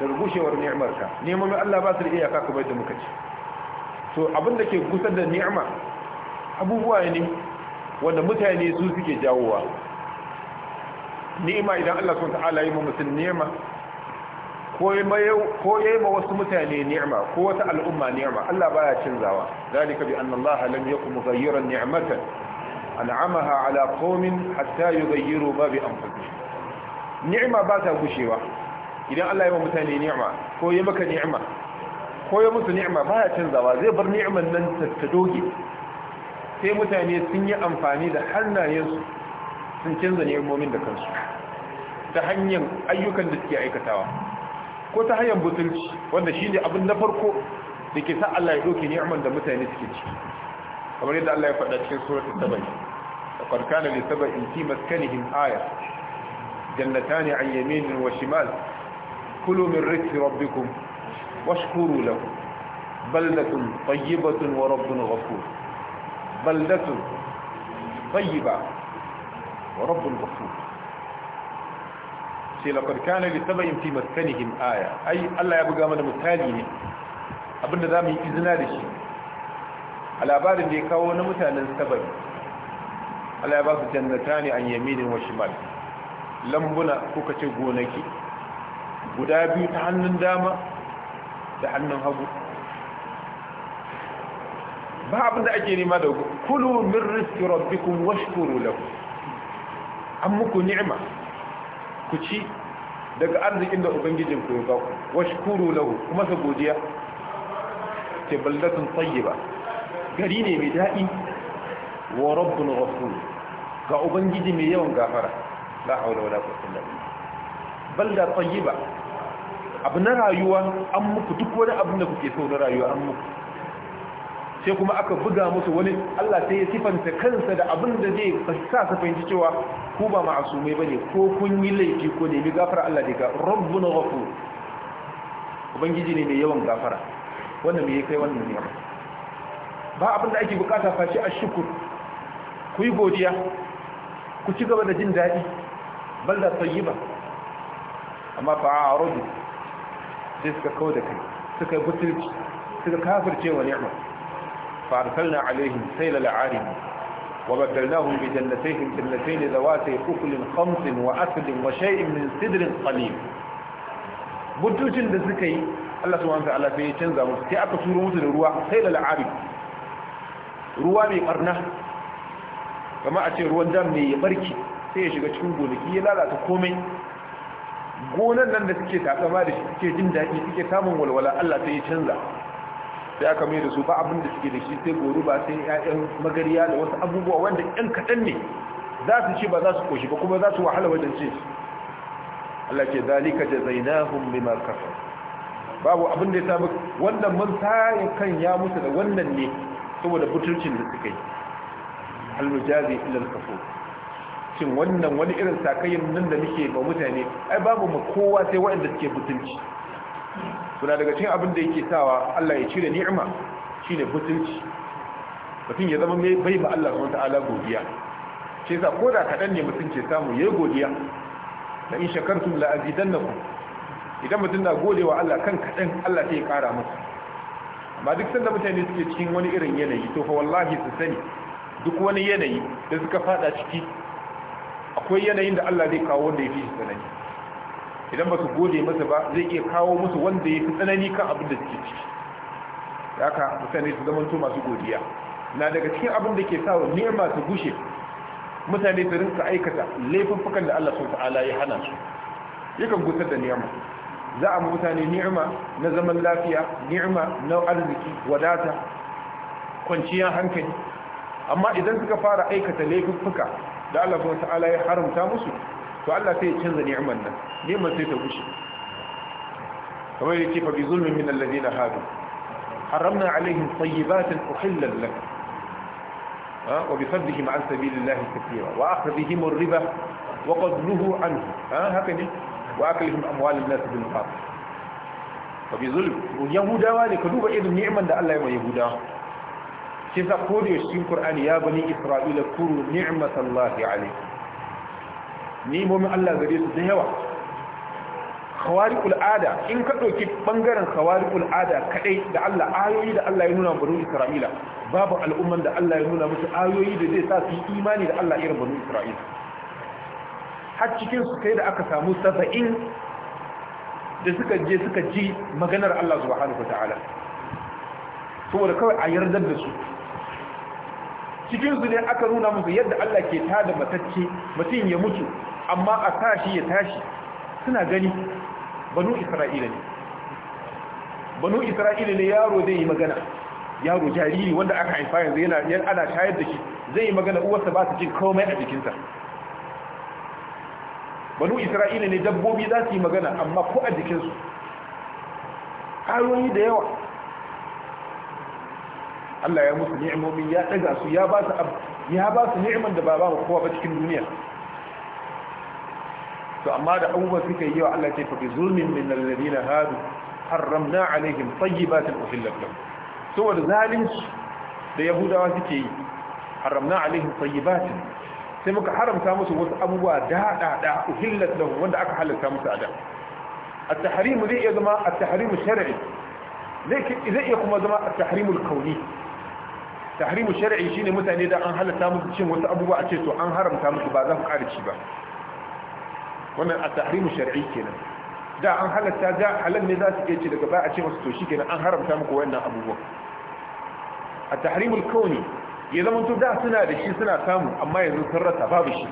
da rubushewar ni'marka neman Allah ba su da iyaka kamar da muka ci to abin da ke gusar da ni'ma abubuwa ne wanda mutane su suke jawowa ni'ima idan Allah subhanahu wa ta'ala ya yi mutum ni'ma ko ya yi ma wasu mutane ni'ima ko wata al'umma ni'ima Allah baya Zani ka bi anna Allah lam yakun mughayyiran ni'matan an'amaha ala qaumin hatta yughayyiru ma bi anfusihim ni'ima ba ta gushewa idan Allah ya yi mutane ni'ima ko ya maka ni'ima ko ya musu ni'ima baya zawa zai bar ni'iman nan ta doge sai mutane sun yi amfani da hannayensu sun canza ni'imomin da kansu ta hanyar ayyukan da suke aikatawa ko ta hanyar butulci wanda shi ne abin na farko da ke sa Allah ya doke ni'man da mutane suke ci kamar yadda Allah ya faɗa cikin suratul sabai laqad kana li sab'in fi maskanihim aya jannatan an yamin wa shimal kulu min rizqi rabbikum washkuru lahu baldatun tayyibatun wa rabbun ghafur baldatun tayyiba wa rabbun ghafur Sai ce laqad kana li sabayin fi maskanihim aya ai Allah ya buga mana misali ne abinda zamu yi izina da shi a labarin da ya kawo na mutanen sabai Allah ya ba su jannata ne an yaminin wa shimal lambuna kuka ce gonaki guda biyu ta hannun dama da hannun hagu ba abinda ake nema da kulu min rizqi rabbikum washkuru lahu an muku ni'ima ku ci daga arzikin da ubangijin ku ya baku washkuru lahu kuma ka godiya ce baldatun tayyiba gari ne mai daɗi wa rabbun ghafur ga ubangiji mai yawan gafara la haula wala quwwata illa billah balda tayyiba abu na rayuwa an muku duk wani abin da kuke so na rayuwa an muku sai kuma aka buga musu wani Allah sai ya sifanta kansa da abin da zai fasa su fahimci cewa ku ba ma'asumai bane ko kun yi laifi ko ne bi gafara Allah daga rabbuna ghafur ubangiji ne mai yawan gafara wannan mai kai wannan ne ba abin da ake bukata face a shukur ku yi godiya ku ci gaba da jin daɗi balda tayyiba amma fa a'radu sai suka kawo da kai suka butulci suka kafirce wa ni'mar فأرسلنا عليهم سيل العارم وبدلناهم بجنتيهم جنتين ذواتي أكل خمس وأكل وشيء من سدر قليل بجوجين da suka yi Allah subhanahu wataala sai ya canza musu sai aka turo musu da ruwa sai da la'abi ruwa mai barna kama a ce ruwan dam ne ya barki sai ya shiga cikin gonaki ya lalata komai gonan nan da suke takama da shi suke jin daɗi suke samun walwala Allah sai ya canza sai aka mai da su ba abin da suke da shi sai goro ba sai ƴaƴan magariya da wasu abubuwa wanda ƴan kaɗan ne za su ce ba za su koshi ba kuma za su wahala wajen ce Allah ke zalika jazainahum bima kafar babu abin da ya samu wannan mun tayi kan ya mutu da wannan ne saboda butulcin da suka yi hal mujazi kafo cin wannan wani irin sakayin nan da muke ba mutane ai babu mu kowa sai waɗanda suke butulci suna daga cin abin da yake sawa Allah ya cire ni'ima shine butulci mutum ya zama mai bai ba Allah subhanahu ta'ala godiya sa ko koda kaɗan ne mutum ke samu yayi godiya la in shakartum la azidannakum idan mutum na gode wa Allah kan kadan Allah sai ya kara masa amma duk sanda mutane suke cikin wani irin yanayi to fa wallahi su sani duk wani yanayi da suka fada ciki akwai yanayin da Allah zai kawo wanda ya fi shi sanani idan ba su gode masa ba zai iya kawo musu wanda ya fi tsanani kan abin da suke ciki haka mutane su to masu godiya na daga cikin abin da ke sa wa ni'ima su gushe mutane su rinka aikata laifuffukan da Allah subhanahu ta'ala ya hana su yakan gusar da ni'ima za a mutane ni'ima na zaman lafiya ni'ima na arziki wadata kwanciyar hankali amma idan suka fara aikata laifuffuka da Allah subhanahu ta'ala ya haramta musu to Allah sai ya canza ni'imar nan ni'imar sai ta gushe kamar yake fa bi zulmin min alladhina hadu haramna alaihim tayyibatin uhillat lak ha wa bi fadlihim an sabilillahi kathira wa akhdhihim ar-riba wa qadluhu anhu ha haka ne wa aklihim amwal an-nas bil batil fa bi zulm yahudawa ne ka duba irin ni'imar da Allah ya mai yahuda shi sa kodiyo cikin Qur'ani ya bani Isra'ila kuru ni'matallahi alaikum nimomin Allah gare su sun yawa khawariqul ada in ka ɗauki bangaren khawariqul ada kadai da Allah ayoyi da Allah ya nuna banu Isra'ila babu al'umman da Allah ya nuna musu ayoyi da zai sa su imani da Allah irin banu Isra'ila har cikin su kai da aka samu saba'in da suka je suka ji maganar Allah subhanahu ta'ala saboda kawai a yardar da su cikin su ne aka nuna musu yadda Allah ke tada matacce mutum ya mutu amma a sa shi ya tashi suna gani banu isra'ila ne banu isra'ila ne yaro zai yi magana yaro jariri wanda aka haifa yanzu yana yan ana shayar da shi zai yi magana uwarsa ba ta jin komai a jikinsa banu isra'ila ne dabbobi za su yi magana amma ko a jikinsu ayoyi da yawa Allah ya musu ni'imomi ya daga su ya ba su ya ba su ni'iman da ba ba kowa ba cikin duniya to amma da abubuwa suka yi wa Allah ce fa bi zulmin min alladhina hadu harramna alaihim tayyibatin uhillat lahum saboda zalunci da yahudawa suke yi haramna alaihim tayyibatin sai muka haramta musu wasu abubuwa da daɗaɗa uhillat lahum wanda aka halatta musu a da at-tahrim zai iya zama at-tahrim shar'i zai iya kuma zama at-tahrim al-kauni tahrim shar'i shine mutane da an halatta musu cin wasu abubuwa a ce to an haramta musu ba za ku ƙara ci ba wannan a tahrimu shar'i kenan da an halatta da halal ne za su iya ce daga baya a ce masu to shi kenan an haramta muku wannan abubuwan a tahrimul kauni ya zama to da suna da shi suna samu amma yanzu sun rasa babu shi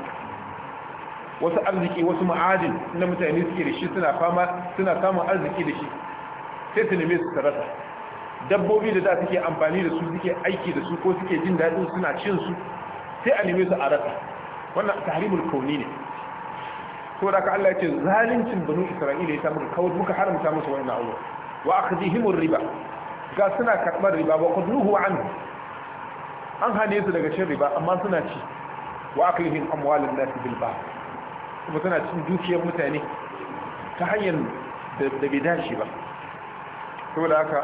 wasu arziki wasu ma'adin na mutane suke da shi suna fama suna samun arziki da shi sai su neme su rasa dabbobi da da suke amfani da su suke aiki da su ko suke jin daɗin suna cin su sai a neme su a rasa wannan tahrimul kauni ne saboda ka Allah ya ce zalincin banu isra'ila ya samu kawai muka haramta musu wannan abu wa akhdihimur riba ga suna karbar riba ba ku duhu an hane su daga cin riba amma suna ci wa aklihim amwalun nas bil ba kuma suna cin dukiyar mutane ta hanyar da bai dace ba saboda haka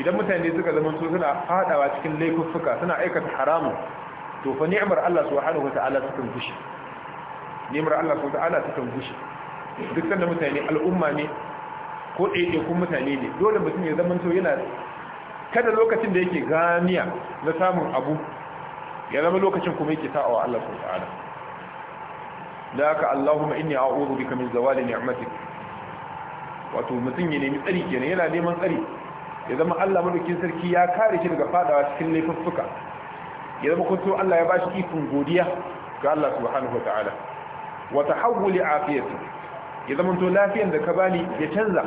idan mutane suka zama su suna fadawa cikin laifuffuka suna aikata haramun to fa ni'mar Allah subhanahu wa ta'ala sukan fushi nemar Allah ko ta'ala ta kan gushe duk sanda mutane al'umma ne ko kun mutane ne dole mutum ya zama yana kada lokacin da yake ganiya na samun abu ya zama lokacin kuma yake sa'awa Allah ko ta'ala da haka Allahumma inni a'udhu bika min zawali ni'matik wato mutum ya nemi tsari kenan yana neman tsari ya zama Allah madaukin sarki ya kare shi daga fadawa cikin laifuffuka ya zama kun so Allah ya bashi ikon godiya ga Allah subhanahu ta'ala wa tahawuli afiyati ya zama to lafiyan da ka bani ya canza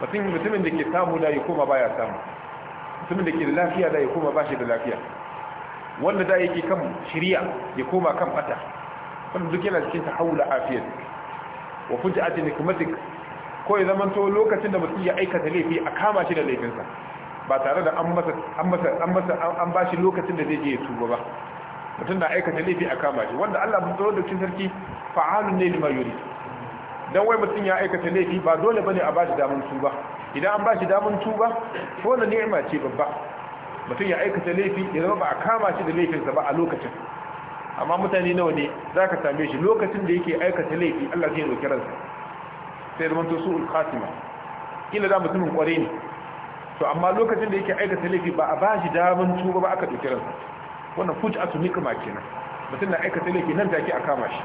mutumin da ke samu da ya koma baya samu mutumin da ke da lafiya da ya koma ba shi da lafiya wanda da yake kan shiriya ya koma kan fata wanda duk yana cikin tahawul afiyati wa fujati nikmatik ko ya zama to lokacin da mutum ya aikata laifi a kama shi da laifinsa ba tare da an ba an bashi lokacin da zai je ya tuba ba mutum na aikata laifi a kama shi wanda Allah mun zo da cin sarki fa'alun ne lima yuri dan wai mutum ya aikata laifi ba dole bane a bashi damun tuba idan an bashi damun tuba ko na ni'ima ce babba mutum ya aikata laifi ya zama ba a kama shi da laifinsa ba a lokacin amma mutane nawa ne zaka same shi lokacin da yake aikata laifi Allah zai roki ransa sai zaman to su'ul khatima kila da mutumin kware ne to amma lokacin da yake aikata laifi ba a bashi damun tuba ba aka dauki ransa wannan fuj'atu nikma kenan mutum na aikata laifi nan take a kama shi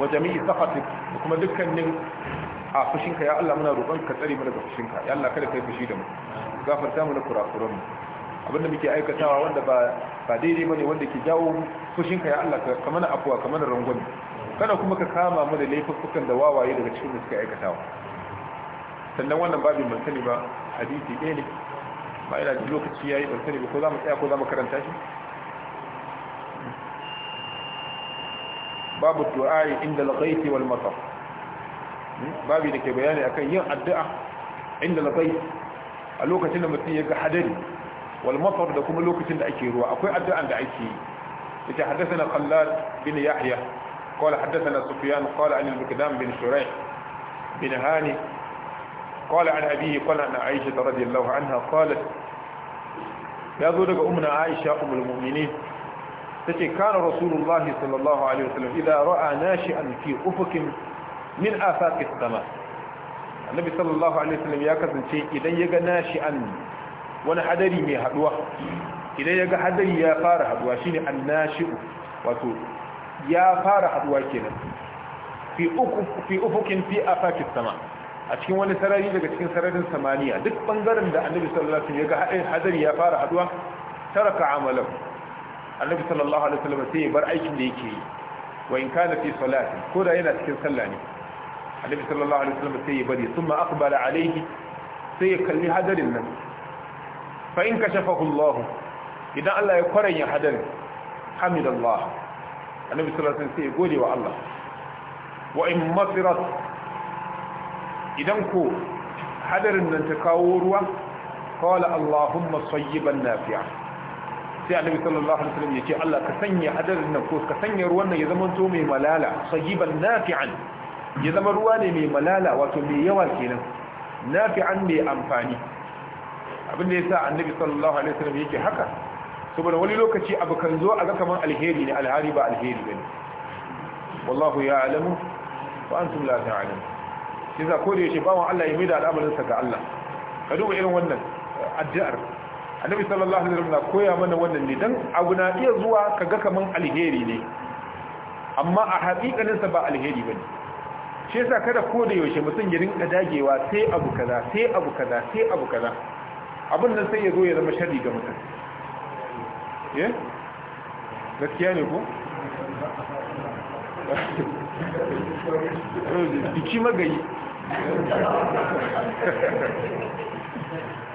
wa jami'i saqatik da kuma dukkanin a fushinka ya Allah muna roƙon ka tsare mu daga fushinka ya Allah kada kai fushi da mu gafarta mana kurakuran mu abinda muke aikatawa wanda ba ba daidai bane wanda ke jawo fushinka ya Allah ka mana afuwa ka mana rangwame kada kuma ka kama mu da laifukan da wawaye daga cikin da suka aikatawa sannan wannan babin ban sani ba hadisi ɗaya ne ba ina ji lokaci yayi ban sani ba ko za mu tsaya ko za mu karanta shi babu du'a'i inda al-ghayth wal matar babu da ke bayani akan yin addu'a inda al-ghayth a lokacin da mutum ya ga hadari wal matar da kuma lokacin da ake ruwa akwai addu'an da ake yi yace hadathana khallad bin yahya قال حدثنا سفيان قال عن المقدام بن شريح بن هاني قال عن أبيه قال عن عائشة رضي الله عنها قالت ya zo daga umna aisha umul mu'mini tace kana rasulullahi sallallahu alaihi wasallam idza ra'a nashi'an fi ufukin min afaqis sama annabi sallallahu alaihi wasallam ya kasance idan ya ga nashi'an wani hadari mai haduwa idan ya ga hadari ya fara haduwa shine annashi'u wato ya fara haduwa kenan fi ufukin fi afaqis sama' a cikin wani sarari daga cikin sararin samaniya duk bangaren da annabi sallallahu alaihi wasallam ya ga hadari ya fara haduwa taraka amalan annabi sallallahu alaihi wasallam sai ya bar aikin da yake yi wa in kana fi salati ko da yana cikin sallah ne annabi sallallahu alaihi wasallam sai ya bari thumma aqbala alaihi sai ya kalli hadarin nan fa in kashafahu Allah idan Allah ya kwaranya hadarin hamidallah annabi sallallahu alaihi wasallam sai ya gode wa Allah wa in mafirat idan ko hadarin nan ta kawo ruwa qala allahumma sayyiban nafiya. sai annabi sallallahu alaihi wasallam yace Allah ka sanya hadarin nan ko ka sanya ruwan nan ya zama to mai malala sayyiban nafi'an ya zama ruwa ne mai malala wato mai yawa kenan nafi'an mai amfani abinda yasa annabi sallallahu alaihi wasallam yake haka saboda wani lokaci abu kan zo a ga kaman alheri ne alhari ba alheri bane wallahu ya'lamu wa antum la ta'lamun shi za ko da yake bawan Allah ya mai da al'amarinsa ga Allah ka duba irin wannan addu'ar annabi sallallahu alaihi wasallam na koya mana wannan ne dan abu na iya zuwa kaga kaman alheri ne amma a hakikanin sa ba alheri bane shi yasa kada ko da yaushe mutum ya rinka dagewa sai abu kaza sai abu kaza sai abu kaza abin nan sai ya zo ya zama sharri ga mutum eh gaskiya ne ko biki magayi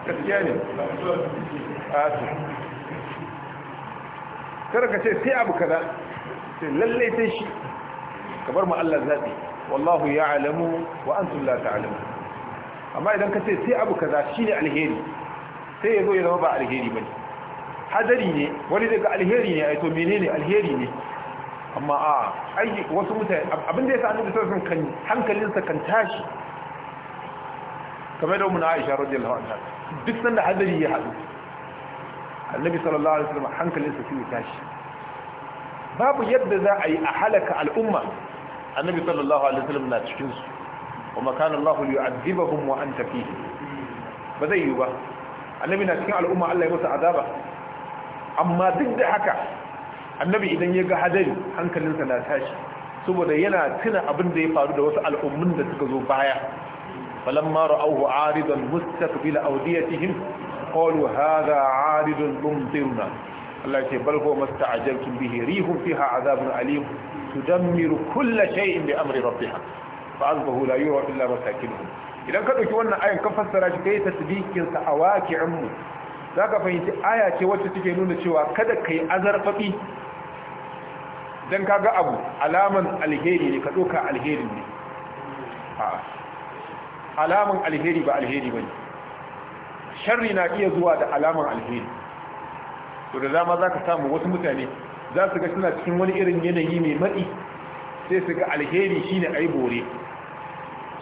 gaskiya ne asu kada ka ce sai abu kada sai lallai sai shi ka bar ma Allah zaɓi wallahu ya alamu wa an tulla ta alamu amma idan ka ce sai abu kaza shi ne alheri sai ya zo ya zama ba alheri ba ne hadari ne wani daga alheri ne a yato menene alheri ne amma a aiki wasu mutane abin da ya sa annabi sallallahu kan hankalinsa kan tashi kamar da umma Aisha radiyallahu anha duk sanda hadari ya hadu annabi sallallahu alaihi wasallam hankalinsa sai ya tashi babu yadda za a yi a halaka al'umma annabi sallallahu alaihi wasallam na cikin su kuma kana Allah yu'adhibuhum wa anta fihi ba zai yi ba annabi na cikin al'umma Allah ya masa azaba amma duk da haka annabi idan ya ga hadari hankalinsa na tashi saboda yana tuna abin da ya faru da wasu al'ummin da suka zo baya falamma ra'awhu aridan mustaqbil awdiyatihim qalu hadha aridun mumtiruna Allah ya ce bal huwa masta'ajaltum bihi rihum fiha azabun alim tudammiru kulla shay'in bi amri rabbiha fa'azbahu la yura illa masakinuhum idan ka dauki wannan ayan ka fassara shi kai tasdiqin sa awaki'in mu zaka fahimci aya ce wacce take nuna cewa kada kai azarfafi dan kaga abu alaman alheri ne ka doka alheri ne alaman alheri ba alheri bane sharri na iya zuwa da alaman alheri to da za zaka samu wasu mutane za su ga suna cikin wani irin yanayi mai matsi sai su ga alheri shine ai bore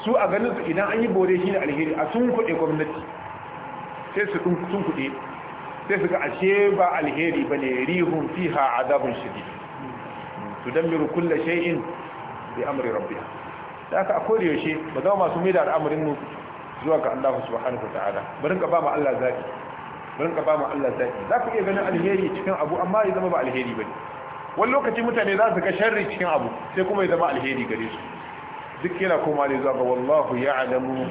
su a ganin su idan an yi bore shine alheri a sun kuɗe gwamnati sai su sun kuɗe sai su ga ashe ba alheri bane rihun fiha azabun shadid tudammiru kulla shay'in bi amri rabbiha da aka akwai yaushe ba za masu mai da al'amarin mu zuwa ga Allah subhanahu wataala bari ka ba mu Allah zaki bari ka ba mu Allah zaki za ku iya ganin alheri cikin abu amma ya zama ba alheri bane wani lokaci mutane za su ga sharri cikin abu sai kuma ya zama alheri gare su duk yana koma ne zuwa ga wallahu ya'lamu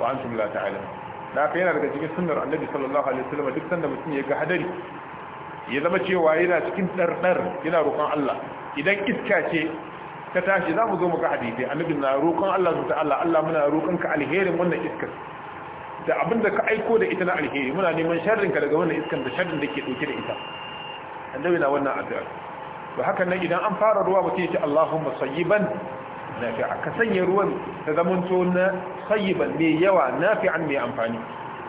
wa antum la ta'lamun da aka yana daga cikin sunnar annabi sallallahu alaihi wasallam duk sanda mutum ya ga hadari ya zama cewa yana cikin dardar yana roƙon Allah idan iska ce ta tashi za mu zo mu ga hadisi annabi na roƙon Allah su ta Allah muna roƙon ka alherin wannan iskar da abin da ka aiko da ita na alheri muna neman sharrin ka daga wannan iskar da sharrin da ke dauke da ita annabi na wannan addu'a ba haka nan idan an fara ruwa mutum ya ce Allahumma sayyiban nafi'a ka sanya ruwan da zamanto na sayyiban mai yawa nafi'an mai amfani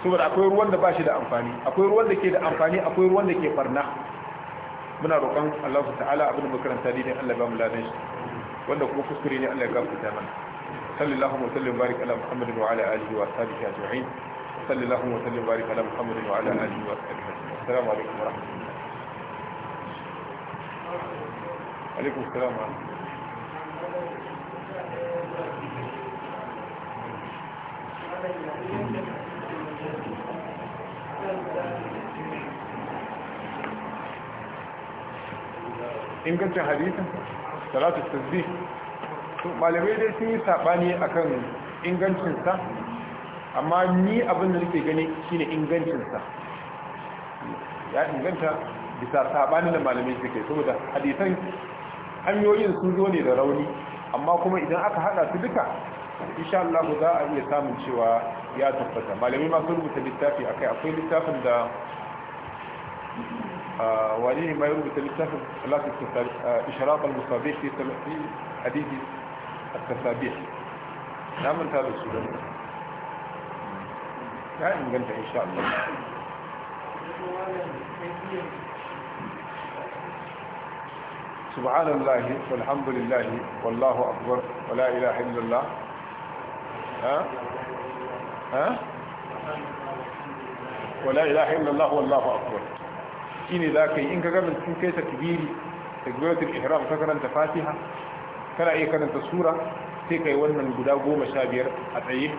saboda akwai ruwan da bashi da amfani akwai ruwan da ke da amfani akwai ruwan da ke barna muna roƙon Allah ta'ala abin makaranta dinin Allah ba mu ladan shi wanda kuma kuskure ne Allah ya gafarta mana sallallahu wa sallam barik ala muhammad wa ala alihi wa sahbihi ajma'in sallallahu wa sallam barik ala muhammad wa ala alihi wa sahbihi assalamu alaikum wa rahmatullahi alaikum assalam wa ingancin hadisin salatu tasbih to malamai dai sun yi sabani akan ingancin sa amma ni abin da nake gani shine ingancin sa ya inganta bisa sabani da malamai suke saboda hadisan hanyoyin sun zo ne da rauni amma kuma idan aka hada su duka insha Allah za a iya samun cewa ya tabbata malamai ma sun rubuta littafi akai akwai littafin da آه، وليه ما يربط للسفر ثلاثة إشراط المصابيح في حديث التسابيح نعم هذا السؤال يعني يمكنك إن شاء الله سبحان الله والحمد لله والله أكبر ولا إله إلا الله ها ها ولا إله إلا الله والله أكبر shine za ka yi in ka ga cikin kai takbiri takbiratul ihram ka karanta fatiha kana iya karanta sura sai kai wannan guda goma sha biyar a tsaye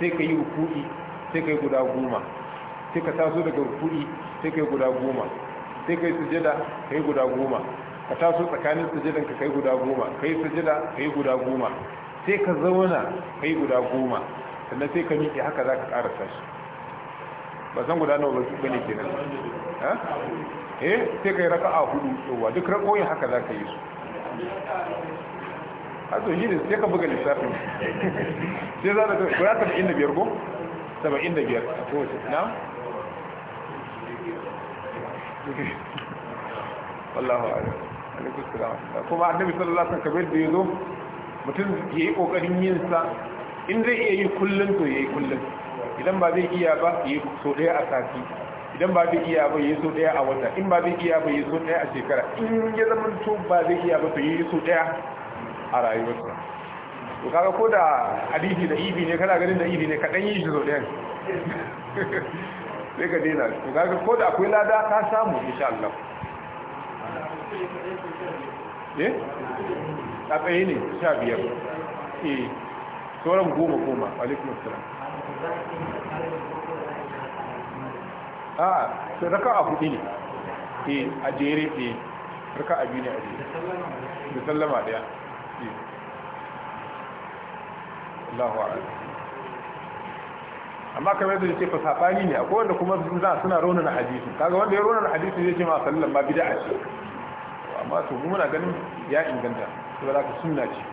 sai ka yi ruku'i sai kai guda goma sai ka taso daga rukudi sai kai guda goma sai kai sujada kai guda goma ka taso tsakanin sujadan ka kai guda goma kai sujada kai guda goma sai ka zauna kai guda goma sannan sai ka miƙe haka za ka ƙarasa shi ba san guda nawa ba ne kenan eh sai kai a hudu tsowa duk rakoyin haka za ka yi su a to shi ne sai ka buga lissafin sai za ka guda saba'in da biyar ko saba da biyar a kowace na wallahu ala alaikum salam kuma annabi sallallahu alaihi kamar da zo mutum yi kokarin yin sa in zai iya yi kullum to ya yi kullum. idan ba zai iya ba yi so daya a sati idan ba zai iya ba yi so daya a wata in ba zai iya ba yi so daya a shekara in ya zama to ba zai iya ba to yi so daya a rayuwarsa to kaga ko da hadisi da ibi ne kana ganin da ibi ne kadan yi shi so daya sai ka daina to kaga ko da akwai lada ka samu insha Allah eh a tsaye ne sha biyar eh sauran goma goma alaikum assalam a raka a hudu ne eh a jere eh raka a biyu ne a jere da sallama daya eh Allahu amma kamar yadda ce fa sabani ne akwai wanda kuma za suna raunin hadisi kaga wanda ya raunin hadisi zai ce ma sallama bida a ce amma to mu muna ganin ya inganta ba za ka suna ce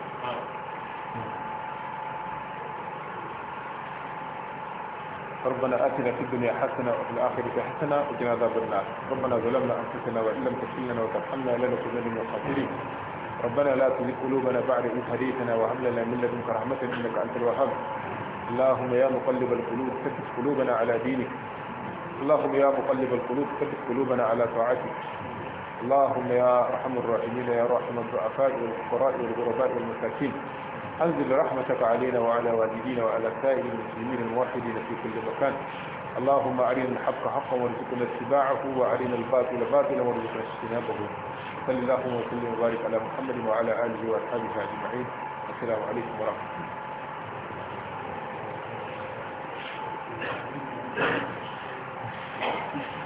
ربنا آتنا في الدنيا حسنة وفي الآخرة حسنة وقنا عذاب النار ربنا ظلمنا أنفسنا وإن لم تغفر لنا وترحمنا لنكونن من الخاسرين ربنا لا تزغ قلوبنا بعد إذ هديتنا وهب لنا من لدنك رحمة إنك أنت الوهاب اللهم يا مقلب القلوب ثبت قلوبنا على دينك اللهم يا مقلب القلوب ثبت قلوبنا على طاعتك اللهم يا ارحم الراحمين يا راحم الضعفاء والفقراء والغرباء والمساكين أنزل رحمتك علينا وعلى والدينا وعلى سائر المسلمين الموحدين في كل مكان اللهم أرنا الحق حقا وارزقنا اتباعه وأرنا الباطل باطلا وارزقنا اجتنابه صل اللهم وسلم وبارك على محمد وعلى آله وأصحابه أجمعين السلام عليكم ورحمة الله Thank you.